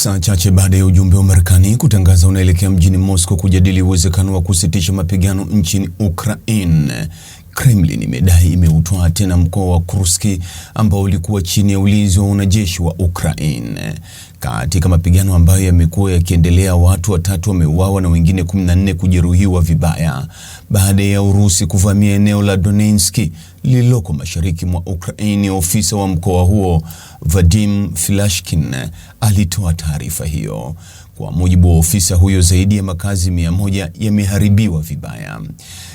Saa chache baada ya ujumbe wa Marekani kutangaza unaelekea mjini Moscow kujadili uwezekano wa kusitisha mapigano nchini Ukraine, Kremlin imedai imeutwaa tena mkoa wa Kursk ambao ulikuwa chini ya ulinzi wa wanajeshi wa Ukraine. Katika mapigano ambayo yamekuwa yakiendelea, watu watatu wameuawa na wengine 14 kujeruhiwa vibaya baada ya Urusi kuvamia eneo la Donetsk lililoko mashariki mwa Ukraine, ofisa wa mkoa huo Vadim Filashkin alitoa taarifa hiyo. Kwa mujibu wa ofisa huyo, zaidi ya makazi mia moja yameharibiwa vibaya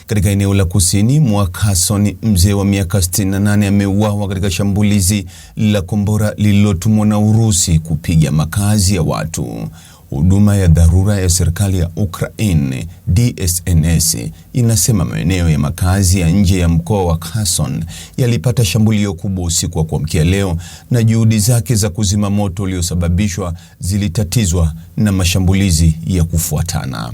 katika eneo la kusini mwa Kherson. Mzee wa miaka 68 ameuawa katika shambulizi la kombora lililotumwa na Urusi kupiga makazi ya watu. Huduma ya dharura ya serikali ya Ukraine DSNS inasema maeneo ya makazi ya nje ya mkoa wa Kherson yalipata shambulio kubwa usiku wa kuamkia leo, na juhudi zake za kuzima moto uliosababishwa zilitatizwa na mashambulizi ya kufuatana.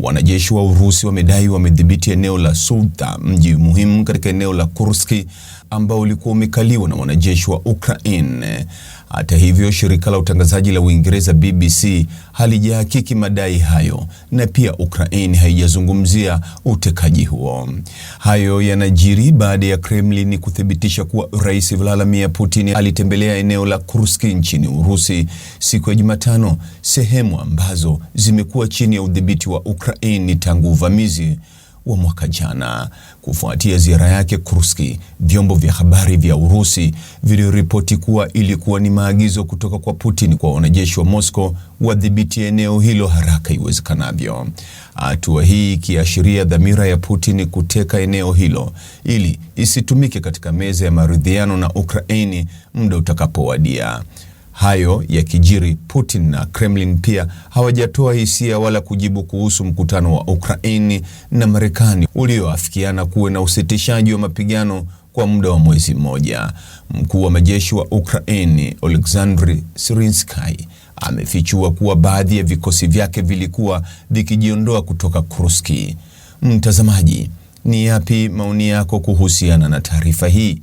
Wanajeshi wa Urusi wamedai wamedhibiti eneo la Sudza, mji muhimu katika eneo la Kurski ambao ulikuwa umekaliwa na wanajeshi wa Ukraine. Hata hivyo, shirika la utangazaji la Uingereza BBC halijahakiki madai hayo na pia Ukraine haijazungumzia utekaji huo. Hayo yanajiri baada ya Kremlin kuthibitisha kuwa Rais Vladimir Putin alitembelea eneo la Kursk nchini Urusi siku ya Jumatano, sehemu ambazo zimekuwa chini ya udhibiti wa Ukraine tangu uvamizi wa mwaka jana. Kufuatia ziara yake Kurski, vyombo vya habari vya Urusi viliripoti kuwa ilikuwa ni maagizo kutoka kwa Putin kwa wanajeshi wa Moscow wadhibiti eneo hilo haraka iwezekanavyo, hatua hii ikiashiria dhamira ya Putin kuteka eneo hilo ili isitumike katika meza ya maridhiano na Ukraini muda utakapowadia. Hayo yakijiri, Putin na Kremlin pia hawajatoa hisia wala kujibu kuhusu mkutano wa Ukraini na Marekani ulioafikiana kuwe na usitishaji wa mapigano kwa muda wa mwezi mmoja. Mkuu wa majeshi wa Ukraini Oleksandr Sirinsky amefichua kuwa baadhi ya vikosi vyake vilikuwa vikijiondoa kutoka Kursk. Mtazamaji, ni yapi maoni yako kuhusiana na taarifa hii?